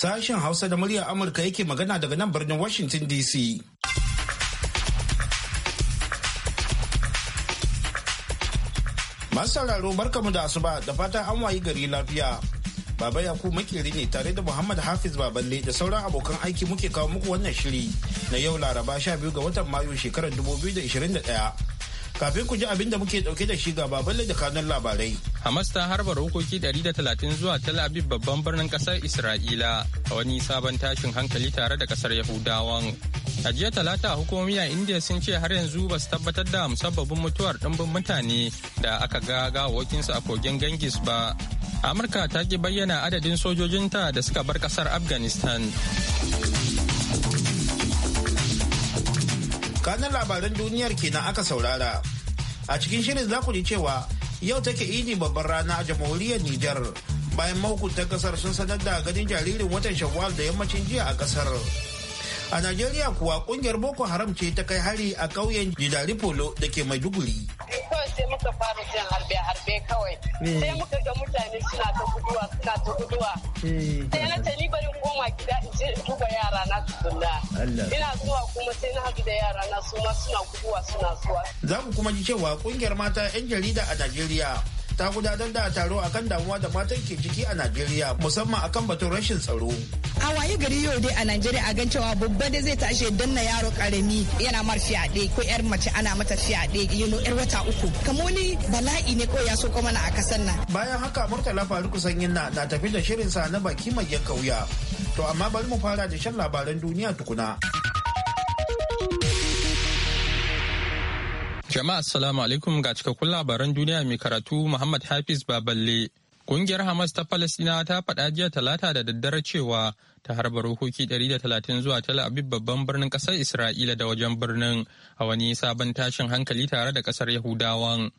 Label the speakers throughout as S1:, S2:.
S1: Sashen Hausa da muryar Amurka yake magana daga nan birnin Washington DC. Masararo barkamu da asuba da fatan an wayi gari lafiya. Baba Yaku makeri ne tare da Muhammad Hafiz Baballe da sauran abokan aiki muke kawo muku wannan shiri na yau Laraba 12 ga watan Mayu shekarar 2021. Kafin ku ji abin da muke dauke da shi ga balle da kanun labarai.
S2: Hamas ta harba rokoki 130 zuwa Tel Aviv babban birnin kasar Isra'ila a wani sabon tashin hankali tare da kasar Yahudawan. A jiya talata hukumomi a India sun ce har yanzu ba su tabbatar da musabbabin mutuwar ɗimbin mutane da aka ga su a kogin Ganges ba. Amurka ta ki bayyana adadin sojojinta da suka bar kasar Afghanistan.
S1: kanan labaran duniyar kenan aka saurara a cikin shirin za ku ji cewa yau take idi babban rana a jamhuriyar nijar bayan mahukuntan kasar sun sanar da ganin jaririn watan shawwal da yammacin jiya a kasar a najeriya kuwa kungiyar boko haram ce ta kai hari a ƙauyen jidari polo da ke maiduguri
S3: sai muka fara jin harbe-harbe kawai eh. sai muka ga mutane suna ta guduwa
S4: suna ta guduwa eh. sai na tani bari koma gida in je in duba yara na tukunna
S1: ina
S5: zuwa kuma sai na haɗu da yara na su ma suna guduwa suna zuwa
S1: za ku kuma ji cewa kungiyar mata 'yan jarida a Najeriya ta gudanar da taro akan damuwa da matan ke ciki a Najeriya musamman akan batun rashin tsaro.
S3: A waye gari yau dai a Najeriya a gan cewa babba da zai tashi danna yaro karami yana mar fyaɗe ko yar mace ana mata fyaɗe no yar wata uku. Kamar wani bala'i ne ko ya so mana a kasan nan. Bayan haka Murtala Faruku Sanyin na
S1: na tafi da shirin sa na baki mai ya kauya To amma bari mu fara da shan labaran duniya tukuna.
S2: Jama'a assalamu alaikum ga cikakkun labaran duniya mai karatu Muhammad Hafiz Baballe. Kungiyar Hamas ta Falasina ta faɗa jiya talata da daddare cewa ta harba rokoki 130 zuwa Tel Aviv babban birnin ƙasar Isra'ila da wajen birnin a wani sabon tashin hankali tare da ƙasar Yahudawan.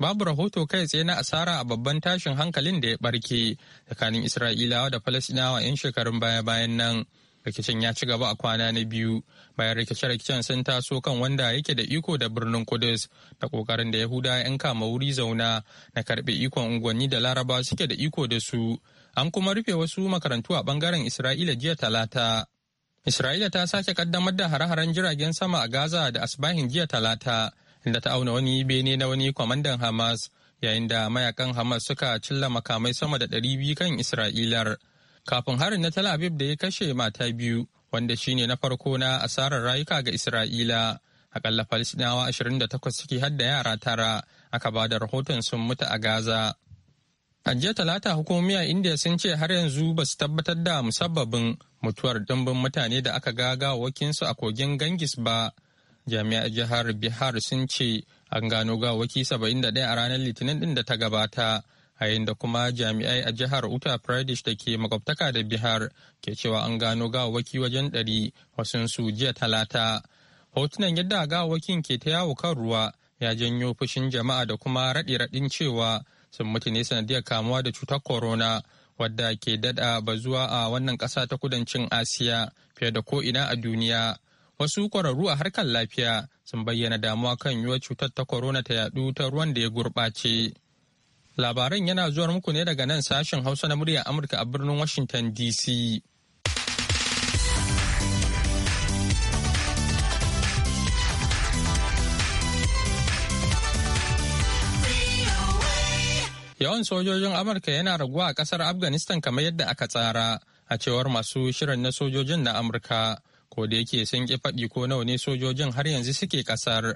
S2: Babu rahoto kai tsaye na asara a babban tashin hankalin da ya barke tsakanin Isra'ilawa da Falasinawa 'yan shekarun baya-bayan nan. rikicin ya ci gaba a kwana na biyu bayan rikice-rikicen sun taso kan wanda yake da iko da birnin kudus da kokarin da yahuda yan kama wuri zauna na karbe ikon unguwanni da laraba suke da iko da su an kuma rufe wasu makarantu a bangaren isra'ila jiya talata isra'ila ta sake kaddamar da hare-haren jiragen sama a gaza da asbahin jiya talata inda ta auna wani bene na wani kwamandan hamas yayin da mayakan hamas suka cilla makamai sama da ɗari biyu kan isra'ilar kafin harin na Tel Aviv da ya kashe mata biyu wanda shine na farko na asarar rayuka ga Isra'ila. Akalla Falasɗinawa 28 suke hadda yara tara aka ba da rahoton sun mutu a Gaza. A jiya talata hukumomi a India sun ce har yanzu ba su tabbatar da musabbabin mutuwar dimbin mutane da aka gaga wakinsu a kogin Gangis ba. Jami'ar jihar Bihar sun ce an gano gawaki 71 a ranar Litinin din da ta gabata a da kuma jami'ai a jihar Uta pradesh da ke makwabtaka da bihar ke cewa an gano gawawaki wajen ɗari su jiya talata hotunan yadda gawawakin ke ta yawo kan ruwa ya janyo fushin jama'a da kuma raɗi-raɗin cewa sun mutu ne sanadiyar kamuwa da cutar corona wadda ke daɗa zuwa a wannan ƙasa ta kudancin asiya fiye da ko'ina a duniya wasu ƙwararru a harkar lafiya sun bayyana damuwa kan yiwuwar cutar ta corona ta yaɗu ta ruwan da ya gurɓace. Labaran yana zuwa muku ne daga nan sashen Hausa na murya Amurka a birnin Washington DC. Yawan sojojin Amurka yana raguwa a kasar Afghanistan kamar yadda aka tsara, a cewar masu shirin na sojojin na Amurka, ko da yake sun ki faɗi ko nawa ne sojojin har yanzu suke ƙasar.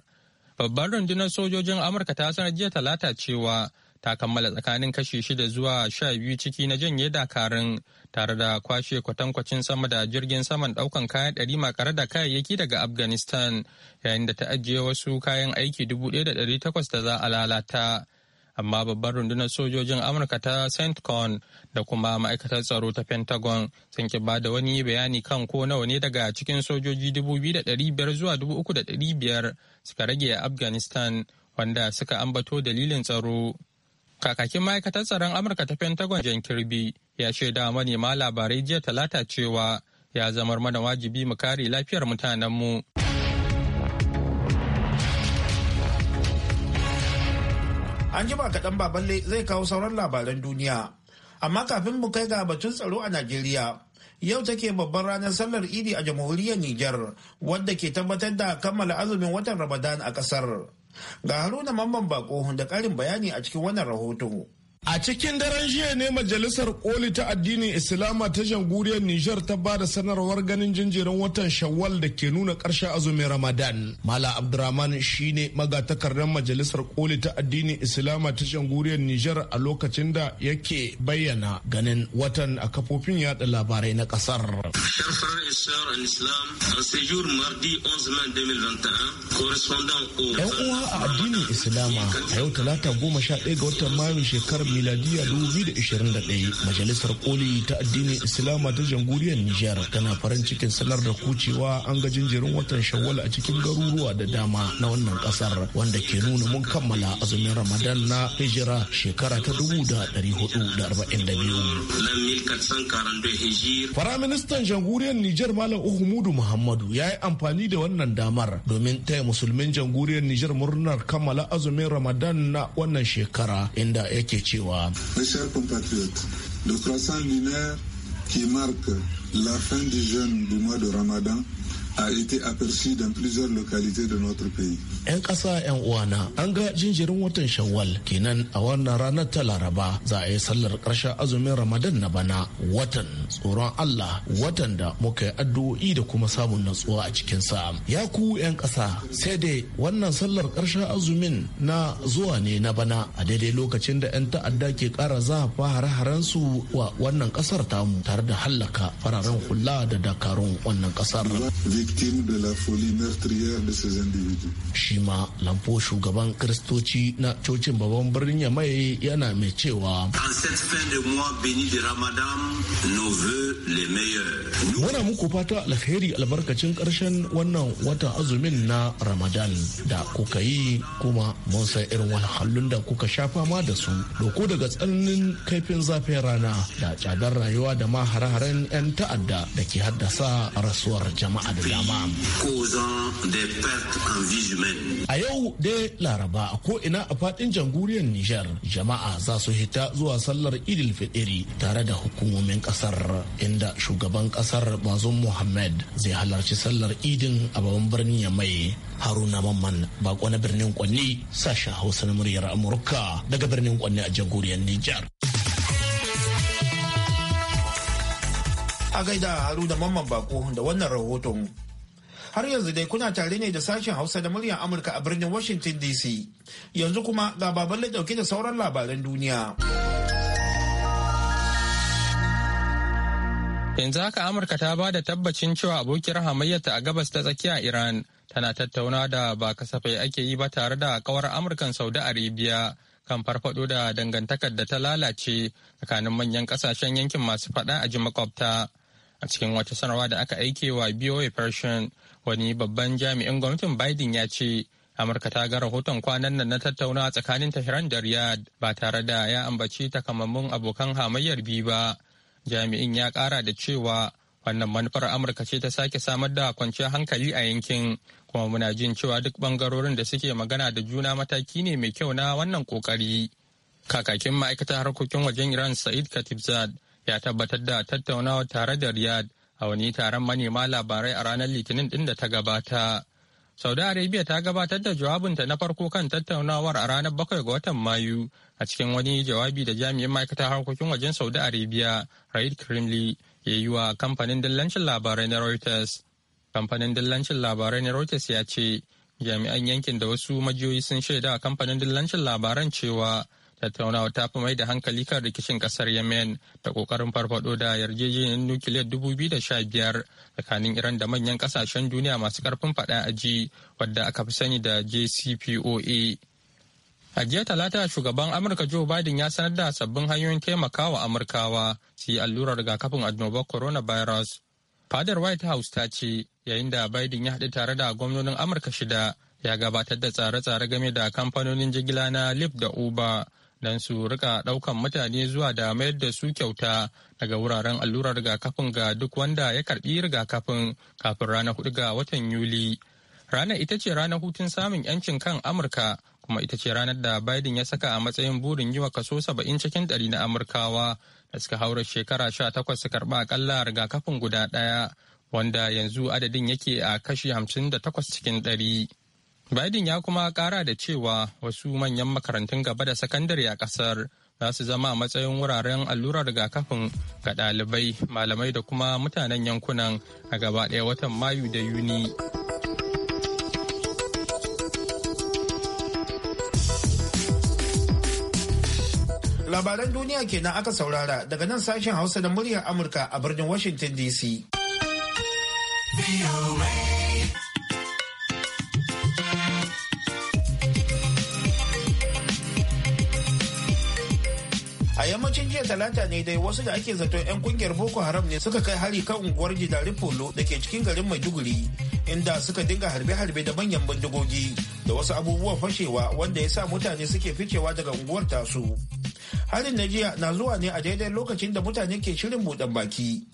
S2: Babban rundunar sojojin Amurka ta sanar jiya talata cewa ta kammala tsakanin kashi shida zuwa sha biyu ciki na janye dakarun tare da kwashe kwatankwacin sama da jirgin saman daukan kayan ɗari makare da kayayyaki daga afghanistan yayin da ta ajiye wasu kayan aiki dubu ɗaya da ɗari takwas da za a lalata amma babbar rundunar sojojin amurka ta centcon da kuma ma'aikatar tsaro ta pentagon sun ki ba da wani bayani kan ko nawa ne daga cikin sojoji 2,500 zuwa 3,500 suka rage a afghanistan wanda suka ambato dalilin tsaro Kakakin ma'aikatar tsaron Amurka ta Pentagon Jan Kirby ya shaida manema labarai jiya talata cewa ya zamar mana wajibi mu kare lafiyar mutanenmu.
S1: An jima kaɗan baballe zai kawo sauran labaran duniya. Amma kafin mu kai ga batun tsaro a Najeriya, yau take babban ranar sallar idi a jamhuriyar Nijar, wadda ke tabbatar da kammala azumin watan Ramadan a ƙasar. Ga Haruna Mamman
S5: Bako da ƙarin bayani a cikin wannan rahoto. A cikin daren jiya ne Majalisar Koli ta addinin Islama ta janguriyar Nijar ta ba da sanarwar ganin jinjirin watan Shawwal da ke nuna ƙarshen azumin Ramadan. Mala Abdurrahman shine magatakardar Majalisar Koli ta addinin Islama ta janguriyar Nijar a lokacin da yake bayyana ganin watan a kafofin yada labarai na ƙasar.
S3: islam,
S6: mardi 11 2021, ‘Yan uwa a
S5: addinin Islama a yau talata goma sha ɗaya ga watan Mayu shekarar miladiya 2021 majalisar koli ta addinin islama ta jamhuriyar nijar tana farin cikin sanar da kucewa an ga jinjirin watan shawwal a cikin garuruwa da dama na wannan kasar wanda ke nuna mun kammala azumin ramadan na hijira shekara ta 1442 faraministan jamhuriyar nijar malam uhumudu muhammadu ya yi amfani da wannan damar domin taya musulmin jamhuriyar nijar murnar kammala azumin ramadan na wannan shekara inda yake ce chers Mes compatriotes, le croissant lunaire qui marque la fin du jeûne du mois de Ramadan a été aperçu dans plusieurs localités de notre pays. 'Yan ƙasa 'yan uwana an ga jinjirin watan Shawwal kenan a wannan ranar ta Laraba za a yi sallar ƙarshen azumin Ramadan na bana watan tsoron Allah watan da muka yi addu'o'i da kuma samun natsuwa a cikin sa. Ya ku 'yan ƙasa sai dai wannan sallar ƙarshen azumin na zuwa ne na bana a daidai lokacin da 'yan ta'adda ke ƙara zafa hare-haren su wa wannan ƙasar tamu tare da hallaka fararen hula da dakarun wannan ƙasar. victime de la folie meurtrière de ces individus. Shi ma shugaban kristoci na cocin babban birnin Yamai yana mai cewa.
S7: En cette fin de mois béni de Ramadan, nos voeux les meilleurs.
S5: Muna muku fata alheri albarkacin ƙarshen wannan watan azumin na Ramadan da kuka yi kuma mun san irin wahalhalun da kuka sha fama da su. Doko daga tsananin kaifin zafin rana da tsadar rayuwa da ma hare-haren 'yan ta'adda da ke haddasa rasuwar jama'a da dama. A yau dai Laraba ko ina a faɗin jamhuriyar Nijar jama'a za su hita zuwa sallar Idil Fitiri tare da hukumomin kasar inda shugaban kasar Bazum Muhammad zai halarci sallar Idin a babban birnin Yamai Haruna Mamman bako na birnin Kwanni sashen Hausa na muryar Amurka daga birnin Kwanni a jamhuriyar Nijar.
S1: a gaida haru mamman bako da wannan rahoton Har yanzu dai kuna tare ne da sashen Hausa da muryar Amurka a birnin Washington DC. Yanzu kuma ga baban da dauke da sauran labaran
S2: duniya. Yanzu haka Amurka ta ba da tabbacin cewa abokiyar hamayyata a gabas ta tsakiya Iran tana tattauna da ba kasafai ake yi ba tare da kawar Amurkan Saudi Arabia kan farfado da dangantakar da ta lalace tsakanin manyan kasashen yankin masu fada a ji makwabta. a cikin wata sanarwa da aka aike wa BOA Persian wani babban jami'in gwamnatin Biden ya ce Amurka ta ga rahoton kwanan nan na tattaunawa tsakanin Tehran da Riyadh ba tare da ya ambaci takamammun abokan hamayyar biyu ba. Jami'in ya kara da cewa wannan manufar Amurka ce ta sake samar da kwanciyar hankali a yankin kuma muna jin cewa duk bangarorin da suke magana da juna mataki ne mai kyau na wannan kokari. Kakakin ma'aikatar harkokin wajen Iran Sa'id Katibzad ya tabbatar da tattaunawa tare da riyad a wani taron manema labarai a ranar Litinin din da ta gabata. Saudi Arabia ta gabatar da jawabinta na farko kan tattaunawar a ranar bakwai ga watan Mayu a cikin wani jawabi da jami'in ma'aikatar harkokin wajen Saudi Arabia Raid Kremli ya yi wa kamfanin dillancin labarai na Reuters. Kamfanin dillancin labarai na Reuters ya ce jami'an yankin da wasu majiyoyi sun shaida a kamfanin dillancin labaran cewa tattaunawa ta fi mai da hankali kan rikicin kasar yemen da kokarin farfado da yarjejeniyar nukiliyar 2015 tsakanin iran da manyan kasashen duniya masu karfin fada aji wadda aka fi sani da jcpoa a jiya talata shugaban amurka joe biden ya sanar da sabbin hanyoyin taimakawa amurkawa su yi allurar rigakafin annobar coronavirus fadar white house ta ce yayin da biden ya haɗu tare da gwamnonin amurka shida ya gabatar da tsare-tsare game da kamfanonin jigila na lip da uber don su rika daukan mutane zuwa da mayar da su kyauta daga wuraren allurar rigakafin ga duk wanda ya karbi rigakafin kafin ranar hudu ga watan Yuli. Ranar ita ce ranar hutun samun 'yancin kan Amurka kuma ita ce ranar da Biden ya saka a matsayin burin yi wa kaso saba'in cikin ɗari na Amurkawa da suka haura shekara sha takwas su karɓa akalla rigakafin guda ɗaya wanda yanzu adadin yake a kashi hamsin da takwas cikin ɗari. Biden ya kuma kara da cewa wasu manyan makarantun gaba da sakandare a kasar za su zama a matsayin wuraren allurar rigakafin ga ɗalibai, malamai da kuma mutanen yankunan a gaba ɗaya watan Mayu da Yuni.
S1: Labaran duniya kenan aka saurara daga nan sashen Hausa da muryar Amurka a birnin Washington DC. yammacin jiya talata ne dai wasu da ake zaton 'yan kungiyar boko haram ne suka kai hari kan unguwar gidari polo da ke cikin garin maiduguri inda suka dinga harbe-harbe da manyan bindigogi da wasu abubuwan fashewa wanda ya sa mutane suke ficewa daga unguwar tasu harin na jiya na zuwa ne a daidai lokacin da mutane ke shirin buɗan baki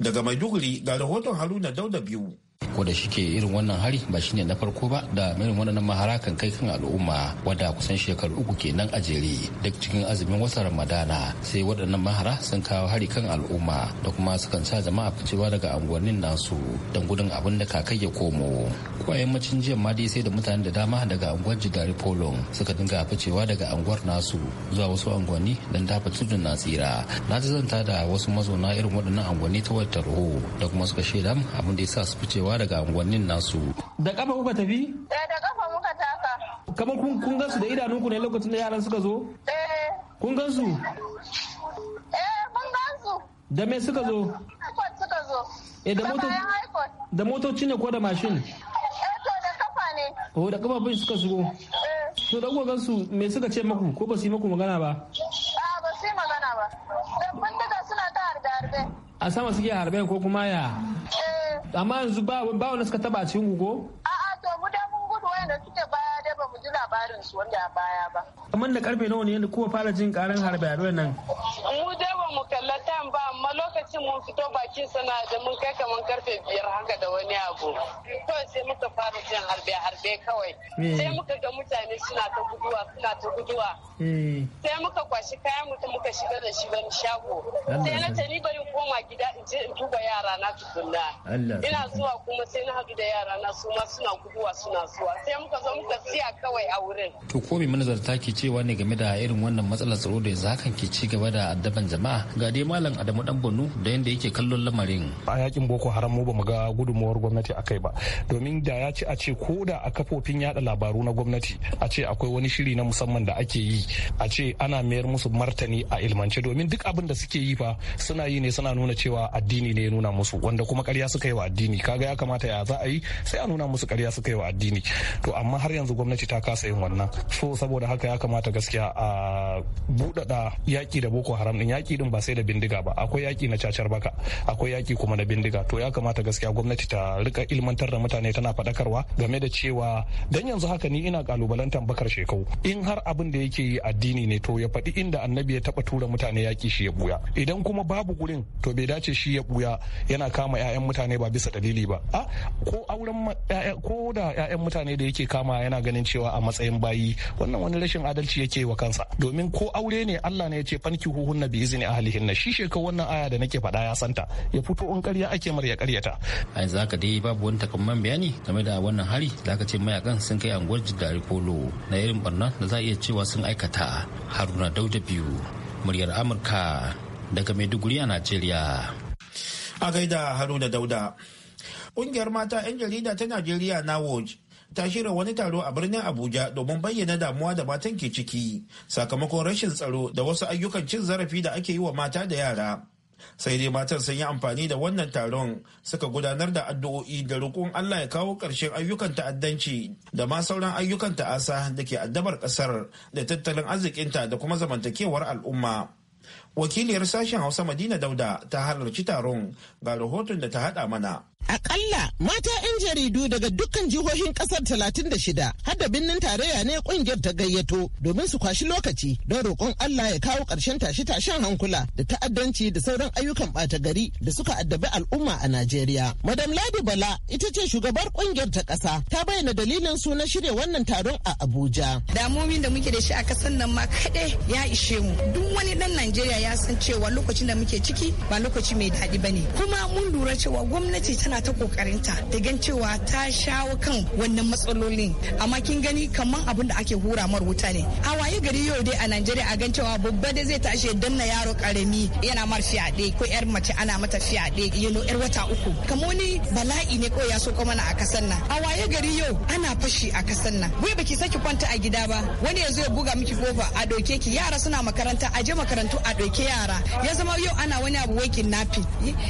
S1: daga maiduguri ga rahoton haruna dauda biyu ko da
S8: shike irin wannan hari ba shine na farko ba da irin wannan mahara kai kan al'umma wadda kusan shekaru uku kenan a jere duk cikin azumin wasu ramadana sai waɗannan mahara sun kawo hari kan al'umma da kuma sukan sa jama'a ficewa daga unguwannin nasu don gudun abin da kakai ya komo ko a yammacin jiya ma dai sai da mutane da dama daga unguwar jigari polon suka dinga ficewa daga unguwar nasu zuwa wasu unguwanni don dafa tudun na tsira na ta zanta da wasu mazauna irin waɗannan unguwanni ta wata da kuma suka shaida abin da ya sa su ficewa daga unguwannin nasu da kafa kuka tafi
S3: eh da kafa muka taka
S8: kamar kun kun gansu da idanunku ne lokacin da yaran suka zo eh kun gansu
S3: eh mun gansu
S8: da me suka zo
S7: suka zo eh da moto
S8: da motoci ne ko da mashin eh
S7: to da kafa ne
S8: oh da bin suka Eh. to da kuka gansu me suka ce maku ko ba su yi maku magana ba A'a ah, ba su yi magana ba da bindiga suna
S3: ta harbe harbe
S8: a sama suke harbe ko kuma ya amma yanzu ba wanda suka taba cin cikin
S3: a'a to mu da mun gudu wanda suke baya da ba mu ji labarin su wanda a baya ba
S8: kamar da karfe nawa ne kuma fara jin karan harbe harbe nan
S3: mu da ba mu kalla tan
S4: ba amma lokacin mun fito bakin sana da mun kai kamar karfe biyar haka da wani abu
S3: kawai sai muka fara jin harbe harbe kawai hmm. sai muka ga mutane suna ta guduwa suna ta guduwa hmm. sai muka kwashi kayan mutum muka shiga da shi wani shago sai na tani bari koma gida in je in duba yara na tukunna ina zuwa kuma sai na haɗu da
S5: yara na su ma suna guduwa suna zuwa sai muka zo muka siya kawai a wurin
S8: to ko me manazarta ke cewa ne game da irin wannan matsalar tsaro da yanzu hakan ke ci gaba da addaban jama'a ga dai malam Adamu dan Borno da yadda yake kallon lamarin.
S7: A yakin Boko Haram mu bamu ga gudunmuwar gwamnati akai ba domin da ya ci a ce ko da a kafofin yada labaru na gwamnati a ce akwai wani shiri na musamman da ake yi a ce ana mayar musu martani a ilmance domin duk abin da suke yi fa suna yi ne suna nuna cewa addini ne ya nuna musu wanda kuma karya suka yi wa addini kaga ya kamata ya za a yi sai a nuna musu karya suka yi wa addini to amma har yanzu gwamnati ta kasa yin wannan so saboda haka ya kamata gaskiya a buɗaɗa yaƙi da boko haram din yaƙi ɗin ba sai da bindiga ba akwai akwai yaki na cacar baka akwai yaki kuma na bindiga to ya kamata gaskiya gwamnati ta rika ilmantar da mutane tana faɗakarwa game da cewa dan yanzu haka ni ina kalubalantar bakar shekau in har abin da yake yi addini ne to ya faɗi inda annabi ya taɓa tura mutane yaki shi ya buya idan kuma babu gurin to bai dace shi ya buya yana kama ƴaƴan mutane ba bisa dalili ba a ko auren ko da ƴaƴan mutane da yake kama yana ganin cewa a matsayin bayi wannan wani rashin adalci yake wa kansa domin ko aure ne Allah ne ya ce fanki huhunna bi ahlihin na shi shekau wannan aya da nake faɗa ya santa ya fito in ƙarya ake mar ya ƙaryata a yanzu haka dai babu wani takamman
S8: bayani game da wannan hari da aka ce mayakan sun kai anguwar jidari polo na irin barna da za a iya cewa sun aikata haruna dauda biyu muryar amurka daga maiduguri a najeriya
S1: a gaida haruna dauda ƙungiyar mata 'yan jarida ta najeriya na woj ta shirya wani taro a birnin abuja domin bayyana damuwa da matan ke ciki sakamakon rashin tsaro da wasu ayyukan cin zarafi da ake yi wa mata da yara sai dai matan sun yi amfani da wannan taron suka gudanar da addu'o'i da roƙon allah ya kawo ƙarshen ayyukan ta'addanci da ma sauran ayyukan ta'asa da ke addabar ƙasar da tattalin arzikinta da kuma zamantakewar al'umma wakiliyar sashen hausa madina
S3: dauda ta halarci taron
S1: ga rahoton da ta hada
S3: mana Akalla mata 'yan jaridu daga dukkan jihohin kasar 36 har da birnin tarayya ne kungiyar ta gayyato domin su kwashi lokaci don roƙon Allah ya kawo ƙarshen tashe-tashen hankula da ta'addanci da sauran ayyukan ɓata gari da suka addabi al'umma a Najeriya. Madam Ladi Bala ita ce shugabar kungiyar ta ƙasa ta bayyana dalilin su na shirya wannan taron a Abuja. Damomin da muke da shi a ƙasar nan ma kaɗai ya ishe mu. Duk wani ɗan Najeriya ya san cewa lokacin da muke ciki ba lokaci mai daɗi ba ne kuma mun lura cewa gwamnati tana ta ƙoƙarinta da gan cewa ta shawo kan wannan matsalolin amma kin gani kamar abin da ake hura mar wuta ne a waye gari yau dai a najeriya a gan cewa babba da zai tashi dan danna yaro karami yana mar fyaɗe ko yar mace ana mata fyaɗe yano yar wata uku kamar wani bala'i ne ko ya so kuma na a kasan nan a waye gari yau ana fashi a kasan nan wai baki saki kwanta a gida ba wani ya zo ya buga miki kofa a doke ki yara suna makaranta a je makarantu a doke ke yara ya zama yau ana wani abu wai kidnapping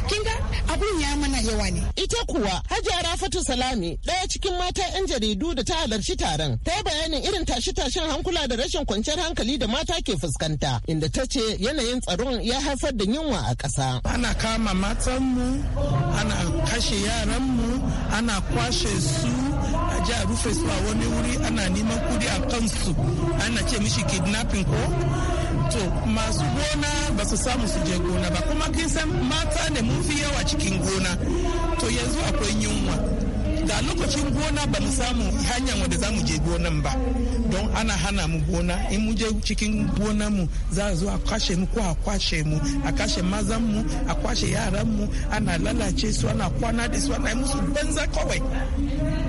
S3: kin ga abun ya mana yawa ne ita kuwa Hajiya Rafatu Salami ɗaya cikin mata 'yan jaridu da ta halarci taron ta yi bayanin irin tashe-tashen hankula da rashin kwanciyar hankali da mata ke fuskanta inda ta ce yanayin tsaron ya haifar da yunwa a ƙasa. Ana kama mu ana kashe yaran mu ana kwashe
S5: su je a rufe su a wani wuri ana neman kudi a kansu ana ce mishi kidnapping ko to masu gona ba su samu su je gona ba kuma kin san mata ne mun fi yawa cikin gona to yanzu akwai yunwa da lokacin gona ba mu samu hanyar wadda za mu je gonan ba don ana hana mu gona in mu je cikin gonan mu za a zo a kwashe mu ko a kwashe mu a kashe mazan mu a kwashe yaran mu ana lalace su ana kwana da su ana musu banza kawai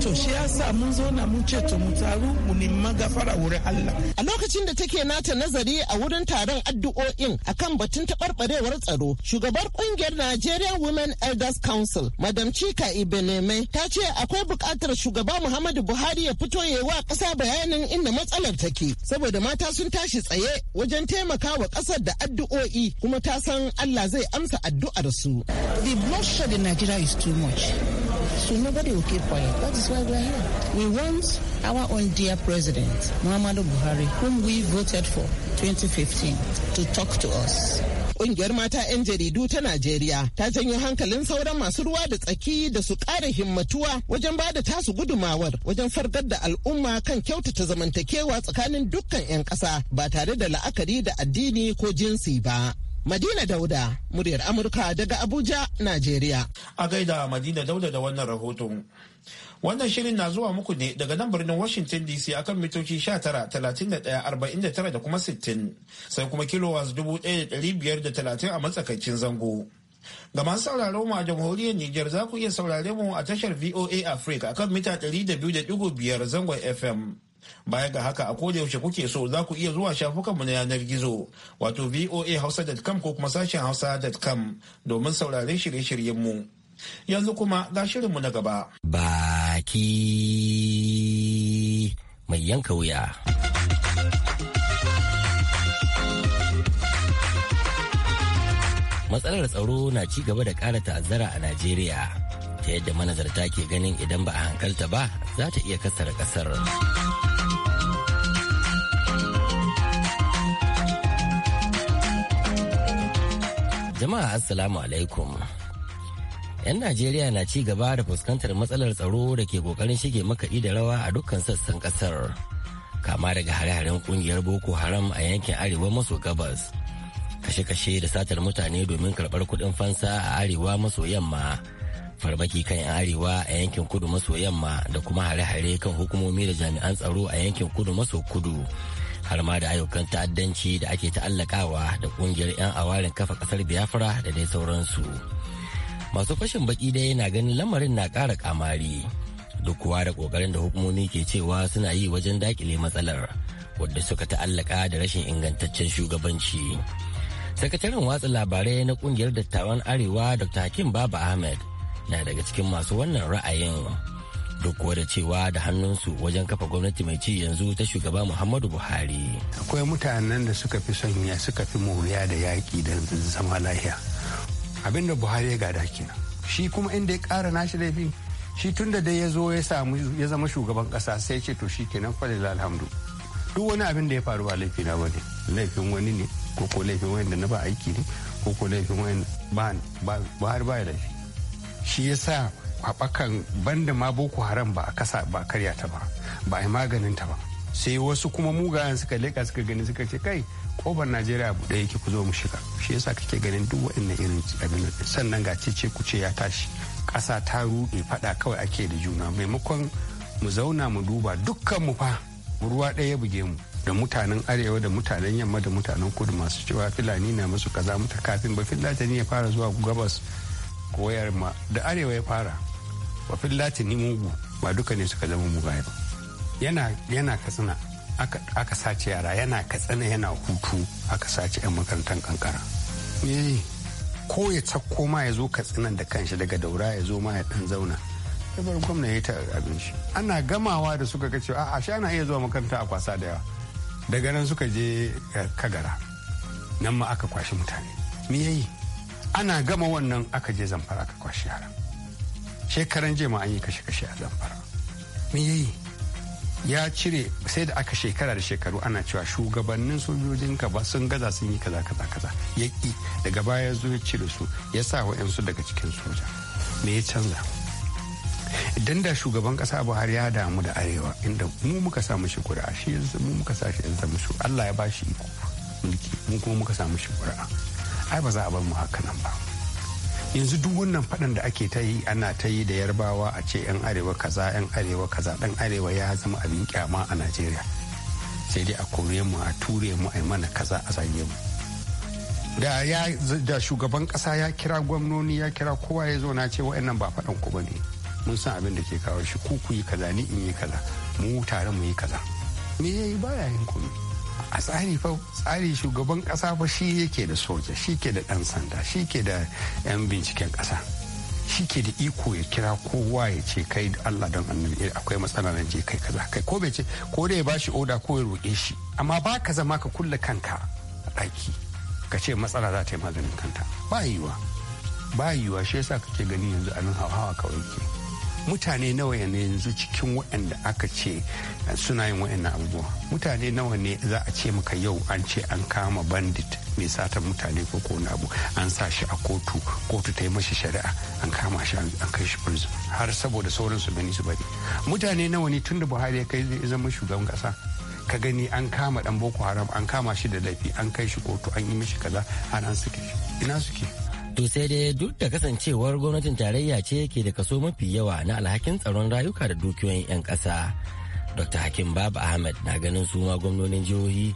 S3: to shi sa mun zo na mun ce to mu taru mu nima gafara wurin Allah a lokacin da take nata nazari a wurin taron addu'o'in akan batun taɓarɓarewar tsaro shugabar kungiyar Nigerian Women Elders Council Madam Chika Ibeneme ta ce akwai akwai buƙatar shugaba Muhammadu Buhari ya fito ya wa ƙasa bayanin inda matsalar take saboda mata sun tashi tsaye wajen taimaka wa ƙasar da addu'o'i kuma ta san Allah zai amsa addu'ar su. The bloodshed in Nigeria is too much. So nobody will keep quiet. That is why we are here. We want our own dear president, Muhammadu Buhari, whom we voted for 2015, to talk to us. Ƙungiyar mata 'yan jaridu ta Najeriya ta janyo hankalin sauran masu ruwa da tsaki da su ƙara himmatuwa wajen ba da tasu gudumawar wajen fargar da al'umma kan kyautata zamantakewa tsakanin dukkan 'yan ƙasa ba tare da la'akari da addini ko jinsi ba. Madina Dauda, muryar Amurka daga Abuja, Najeriya.
S1: A gaida Madina Dauda da wannan rahoton. Wannan shirin na zuwa muku ne daga nan birnin Washington DC akan mitoci talatin da kuma 60 sai kuma kilowas 1,530 a matsakaicin zango. Ga masu sauraro mu a jamhuriyar niger za ku iya saurare mu a tashar VOA Africa akan mita 200.5 zangon FM. Baya ga haka a koda yaushe kuke so za ku iya zuwa shafukan mu na yanar gizo wato voa hausa.com ko kuma sashen hausa.com domin saurare shirye shiryen mu Yanzu kuma ga shirinmu na gaba. Ba
S4: baki mai yanka wuya. Matsalar tsaro na ci gaba da ƙara ta'azzara a Najeriya ta yadda manazarta ke ganin idan ba a hankalta ba za ta iya kasar ƙasar. Jama'a Assalamu alaikum. 'yan najeriya na ci gaba da fuskantar matsalar tsaro da ke kokarin shige makaɗi da rawa a dukkan sassan kasar kama daga hare-haren kungiyar boko haram a yankin arewa maso gabas kashe-kashe da satar mutane domin karɓar kuɗin fansa a arewa maso yamma farmaki kan 'yan arewa a yankin kudu maso yamma da kuma hare-hare kan hukumomi da jami'an tsaro a yankin kudu maso kudu har ma da ayyukan ta'addanci da ake ta'allakawa da kungiyar 'yan awarin kafa kasar biafra da dai sauransu. masu fashin baki dai na ganin lamarin na ƙara kamari duk kuwa da ƙoƙarin da hukumomi ke cewa suna yi wajen dakile matsalar wadda suka ta'allaka da rashin ingantaccen shugabanci sakataren watsa labarai na ƙungiyar dattawan arewa dr hakim baba ahmed na daga cikin masu wannan ra'ayin duk kuwa da cewa da hannunsu wajen kafa gwamnati mai ci yanzu ta shugaba muhammadu buhari
S9: akwai mutanen da suka fi sonya suka fi moriya da yaƙi da zama lahiya abinda buhari ya gada kenan shi kuma inda ya kara nashi laifin shi tun da dai ya zo ya samu ya zama shugaban kasa sai ce to shi kenan falil alhamdu duk wani abin da ya faru ba laifi na bane laifin wani ne ko ko laifin wani da na ba aiki ne ko ko laifin wani ba buhari ba laifi shi ya sa haɓakan banda ma boko haram ba a kasa ba karya ta ba ba a yi maganin ta ba sai wasu kuma mugayen suka leka suka gani suka ce kai kofar najeriya buɗe yake ku zo mu shiga shi yasa kake ganin duk waɗannan irin abin sannan ga cece ku ce ya tashi ƙasa ta ruɗe faɗa kawai ake da juna maimakon mu zauna mu duba dukkan mu fa ruwa ɗaya buge mu da mutanen arewa da mutanen yamma da mutanen kudu masu cewa filani na musu kaza muta kafin bafin latani ya fara zuwa gabas koyar ma da arewa ya fara bafin ni mugu ba duka ne suka zama mugaye ba yana katsina aka sace yara yana katsina yana hutu aka sace 'yan makarantar kankara eh. ko ya tsakko ma ya zo katsinan da kanshi daga daura ya zo ma ya dan zauna ya bar gwamna ya ta abin shi ana gamawa da suka ga cewa a sha iya zuwa makaranta a kwasa da yawa daga nan suka je eh, kagara nan ma aka kwashi mutane me yayi ana gama wannan aka je zamfara aka kwashi yara shekaran jema an yi kashe-kashe a zamfara me yayi ya cire sai da aka shekara da shekaru ana cewa shugabannin sojojin gaba sun gaza sun yi kaza kaza kaza ya ki daga baya ya zo ya cire su ya sa wa'yansu daga cikin soja me ya canza idan da shugaban kasa buhari ya damu da arewa inda mu muka sa mushi kura shi mu muka sa shi zama shi allah ya ba shi iko mulki mu kuma muka sa mushi kuri'a ai ba za a bar mu haka nan ba yanzu duk wannan faɗan da ake ta yi ana ta yi da yarbawa a ce 'yan arewa kaza 'yan arewa kaza ɗan arewa ya zama abin kyama a najeriya sai dai a kore mu a ture mu a mana kaza a zage mu da shugaban kasa ya kira gwamnoni ya kira kowa ya zo na ce wa'annan ba faɗan ku bane mun san abin da ke kawo shi ku ku yi kaza ni in yi kaza mu tare mu yi kaza me yayi baya yin komai a tsari fa tsari shugaban kasa fa shi yake da soja shi ke da dan sanda shi ke da yan binciken kasa shi ke da iko ya kira kowa ya ce kai da Allah don annabi eh, akwai matsala nan je kai kaza kai ko bai ce ko da ya bashi oda ko ya roƙe shi amma ba ka zama ka kulle kanka a ɗaki ka ce matsala za ta yi maganin kanta ba yiwa ba yiwa shi yasa kake gani yanzu a nan hawa kawai ke mutane nawa ne yanzu cikin waɗanda aka ce suna yin waɗannan abubuwa mutane nawa ne za a ce maka yau an ce an kama bandit mai satan mutane ko ko abu an sa shi a kotu kotu ta yi mashi shari'a an kama shi an kai shi prison har saboda sauran su gani su bari mutane nawa ne tun da buhari ya kai zama shugaban kasa ka gani an kama dan boko haram an kama shi da laifi an kai shi kotu an yi mashi kaza an an suke ina suke To
S4: sai dai duk da kasancewar gwamnatin tarayya ce ke da kaso mafi yawa na alhakin tsaron rayuka da dukiyoyin 'yan ƙasa. Dr. Hakim babu Ahmed na ganin suma ma gwamnonin jihohi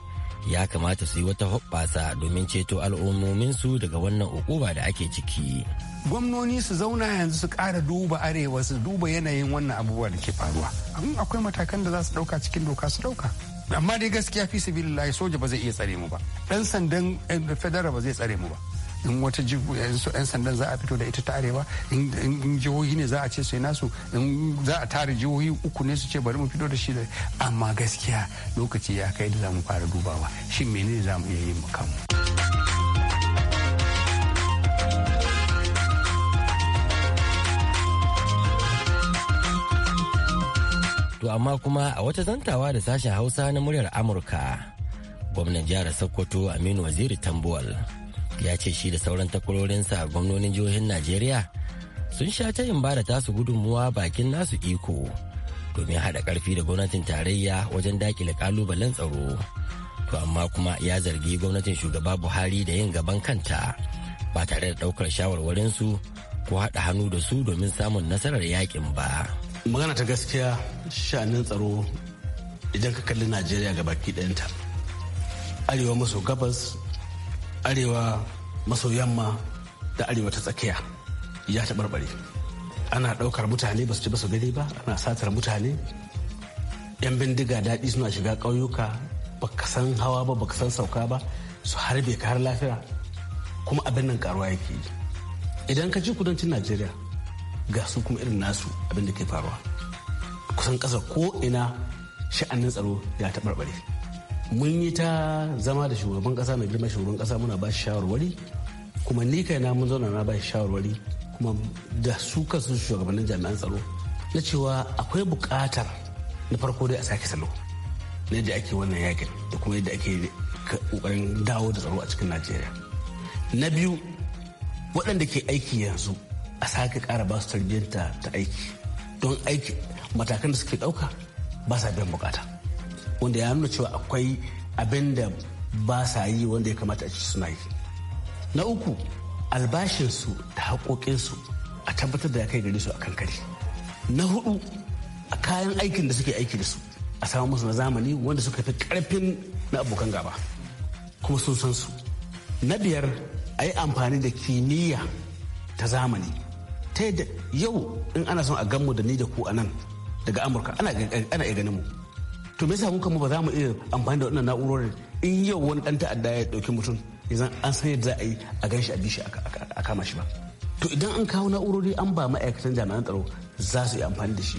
S4: ya kamata su yi wata hoɓɓasa domin ceto al'ummomin su daga wannan ukuba da ake
S9: ciki. Gwamnoni su zauna yanzu su ƙara duba arewa su duba yanayin wannan abubuwa da ke faruwa. Amma akwai matakan da za su ɗauka cikin doka su ɗauka. Amma dai gaskiya fi sabilillahi soja ba zai iya tsare mu ba. Ɗan sandan eh, federal ba zai tsare mu ba. in wata yan sandan za a fito da ita tarewa in jihohi ne za a ce sai nasu in za a tare jihohi uku ne su ce bari mu fito da shi amma gaskiya lokaci ya kai da za mu fara dubawa shin menene za mu iya yin mu kanmu.
S4: To amma kuma a wata zantawa da sashen Hausa na muryar Amurka, gwamnan jihar Sokoto Aminu Waziri Tambuwal ya ce shi da sauran takwarorinsa gwamnonin jihohin najeriya sun sha ta yin bada tasu gudunmuwa bakin nasu iko domin haɗa karfi da gwamnatin tarayya wajen dakile ƙalubalen tsaro to amma kuma ya zargi gwamnatin shugaba buhari da yin gaban kanta ba tare da ɗaukar shawarwarinsu ko haɗa hannu da su domin samun nasarar yakin ba
S6: magana ta gaskiya sha'anin tsaro idan ka kalli najeriya ga baki ɗayanta arewa maso gabas arewa maso yamma da arewa ta tsakiya ya taɓarɓare ana ɗaukar mutane ba su ci ba su gani ba ana satar mutane yan bindiga daɗi suna shiga ƙauyuka baka san hawa ba baka san sauka ba su harbe ka har lafiya kuma abin nan karuwa yake yi idan ka ji kudancin najeriya ga su kuma irin nasu abin da ke faruwa kusan ƙasa ko ina sha'anin tsaro ya taɓarɓare mun yi ta zama da shugaban kasa mai girma shugaban kasa muna ba shi shawarwari kuma ni kai na mun zauna na ba shi shawarwari kuma da su kansu shugabannin jami'an tsaro na cewa akwai buƙatar na farko dai a sake salo na yadda ake wannan yakin da kuma yadda ake kokarin dawo da tsaro a cikin najeriya na biyu waɗanda ke aiki yanzu a sake ƙara ba su tarbiyyar ta aiki don aiki matakan da suke ɗauka ba sa biyan bukata wanda ya nuna cewa akwai abin da ba sa yi wanda ya kamata a ci suna yi na uku albashinsu da haƙoƙinsu a tabbatar da kai gare su a kankari na hudu a kayan aikin da suke aiki da su a samu musu na zamani wanda suka fi ƙarfin na abokan gaba kuma sun san su na biyar a yi amfani da kimiyya ta zamani ta yadda yau in ana son a gan mu da ni da ku a nan daga amurka ana iya ganin mu to me yasa mun ba za mu iya amfani da wannan na'urorin in yau wani dan ta'adda ya dauki mutum idan an san yadda za a yi a gan shi a bi shi a kama shi ba to idan an kawo na'urori an ba ma'aikatan jami'an tsaro za su yi amfani da shi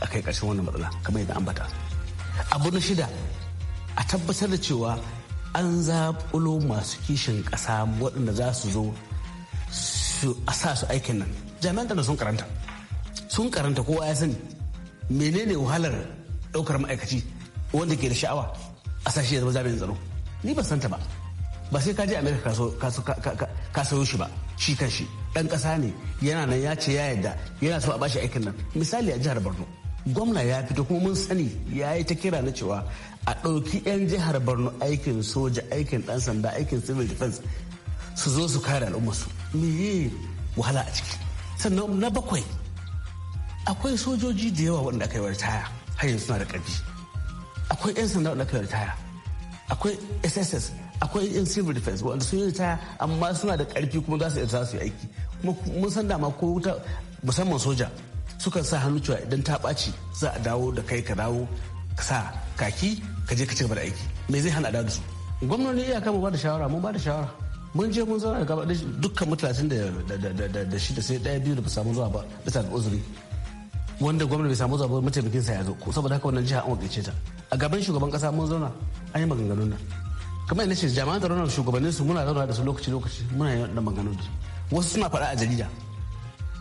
S6: a kai ƙarshen wannan matsala kamar yadda an bata abu na shida a tabbatar da cewa an zaɓulo masu kishin ƙasa waɗanda za su zo su sa su aikin nan jami'an tsaro sun karanta sun karanta kowa ya sani menene wahalar ɗaukar ma'aikaci wanda ke da sha'awa a sashi ya zama jami'in tsaro ni ban santa ba ba sai ka je america ka sayo shi ba shi kan shi ɗan ƙasa ne yana nan ya ce ya yadda yana so a bashi aikin nan misali a jihar borno gwamna ya fito kuma mun sani ya yi ta kira na cewa a ɗauki 'yan jihar borno aikin soja aikin ɗan sanda aikin civil defense su zo su kare al'ummarsu meye wahala a ciki sannan na bakwai akwai sojoji da yawa wanda aka yi taya har yanzu suna da ƙarfi akwai 'yan sanda wanda da ritaya akwai sss akwai 'yan civil defense wanda sun yi ritaya amma suna da ƙarfi kuma za su iya su yi aiki kuma mun san dama ko wuta musamman soja sukan sa hannu cewa idan ta ɓaci za a dawo da kai ka dawo ka sa kaki ka je ka ci gaba da aiki me zai hana da su gwamnoni iyaka mu ba da shawara mun ba da shawara mun je mun zauna gaba dukkan mutane da shi da sai daya biyu da ba samu zuwa ba bisa da uzuri wanda gwamna bai samu zaɓen mataimakin sa ya zo saboda haka wannan jiha an wakilce ta a gaban shugaban kasa mun zauna an yi maganganun nan kamar ina ce jama'an tsaron nan shugabannin su muna zauna da su lokaci lokaci muna yi da maganganun su wasu suna faɗa a jarida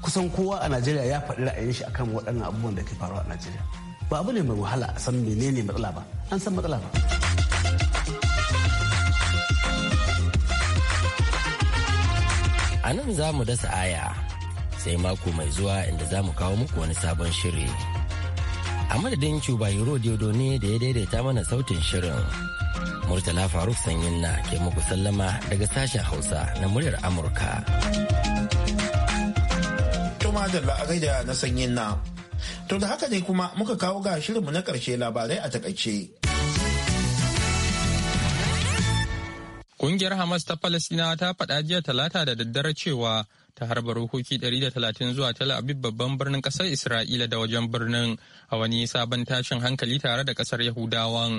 S6: kusan kowa a najeriya ya faɗi ra'ayin shi akan waɗannan abubuwan da ke faruwa a najeriya ba abu ne mai wahala a san menene matsala ba an san matsala ba a nan
S4: za mu dasa aya sai mako mai zuwa inda za mu kawo muku wani sabon shiri. A madadin Cuba Hero ne da ya daidaita mana sautin shirin. Murtala Faruk Sanyin na ke muku sallama daga sashen Hausa na muryar Amurka.
S1: Tuma da la'arai na Sanyin na. To da haka ne kuma muka kawo ga shirinmu na ƙarshe labarai a takaice.
S2: Kungiyar Hamas ta Falasina ta faɗa jiya talata da daddare cewa ta harba da 130 zuwa Tel Aviv babban birnin kasar Isra'ila da wajen birnin a wani sabon tashin hankali tare da kasar Yahudawan.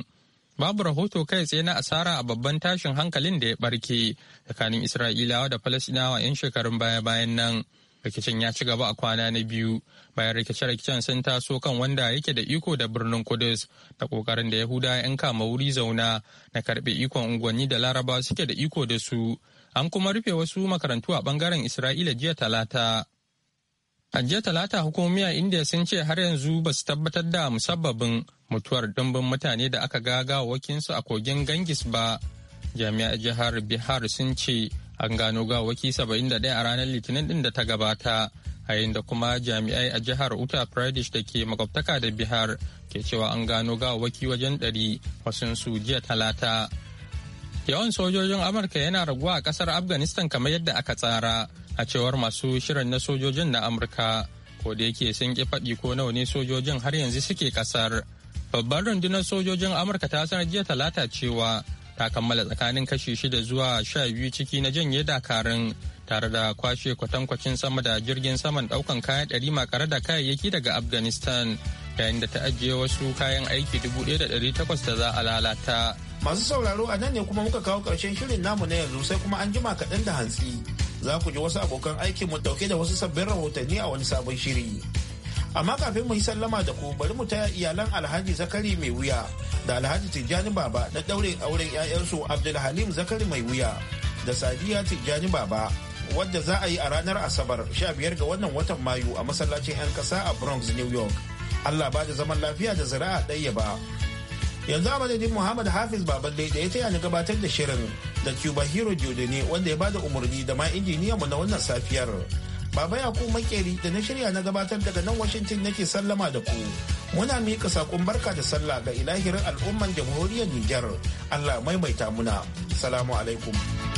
S2: Babu rahoto kai tsaye na asara a babban tashin hankalin da ya barke tsakanin Isra'ilawa da falasinawa 'yan shekarun baya-bayan nan. rikicin ya ci gaba a kwana na biyu bayan rikice-rikicen sun taso kan wanda yake da iko da birnin kudus da kokarin da yahuda 'yan kama wuri zauna na karbe ikon unguwanni da laraba suke da iko da su an kuma rufe wasu makarantu a bangaren isra'ila jiya talata a jiya talata hukumomi a india sun ce har yanzu ba su tabbatar da musabbabin mutuwar dimbin mutane da aka gaga wakinsu a kogin gangis ba jami'a jihar bihar sun ce an gano gawaki 71 a ranar litinin din da ta gabata a da kuma jami'ai a jihar uttar pradesh da ke makwabtaka da bihar ke cewa an gano gawaki wajen 100 wasu su jiya talata yawan sojojin amurka yana raguwa a kasar afghanistan kamar yadda aka tsara a cewar masu shirin na sojojin na amurka ko da yake sun ki faɗi ko nawa ne sojojin har yanzu suke kasar babbar rundunar sojojin amurka ta sanar jiya talata cewa ta kammala tsakanin kashi shida zuwa sha biyu ciki na janye dakarun tare da kwashe kwatankwacin sama da jirgin saman daukan kayan ɗari makare da kayayyaki daga afghanistan yayin da ta ajiye wasu kayan aiki dubu ɗaya da ɗari takwas da za a lalata masu sauraro
S1: a nan ne kuma muka kawo ƙarshen shirin namu na yanzu sai kuma an jima kaɗan da hantsi za ku ji wasu abokan aikin mu dauke da wasu sabbin rahotanni a wani sabon shiri amma kafin mu yi sallama da ku bari mu taya iyalan alhaji zakari mai wuya da alhaji tijjani baba na daure auren 'ya'yansu abdulhalim zakari mai wuya da sadiya tijjani baba wadda za a yi a ranar asabar 15 ga wannan watan mayu a masallacin 'yan kasa a bronx new york allah ba da zaman lafiya da zira'a ɗaya ba yanzu a madadin muhammad hafiz baballe da ya taya ni gabatar da shirin da cuba hero ne wanda ya ba da umarni da ma injiniyan mu na wannan safiyar Baba ku Makeri da na shirya na gabatar daga nan Washington nake sallama da ku. Muna miƙa saƙon barka da sallah ga ilahirin al'umman jamhuriyar Nijar. Allah maimaita muna. Salamu alaikum.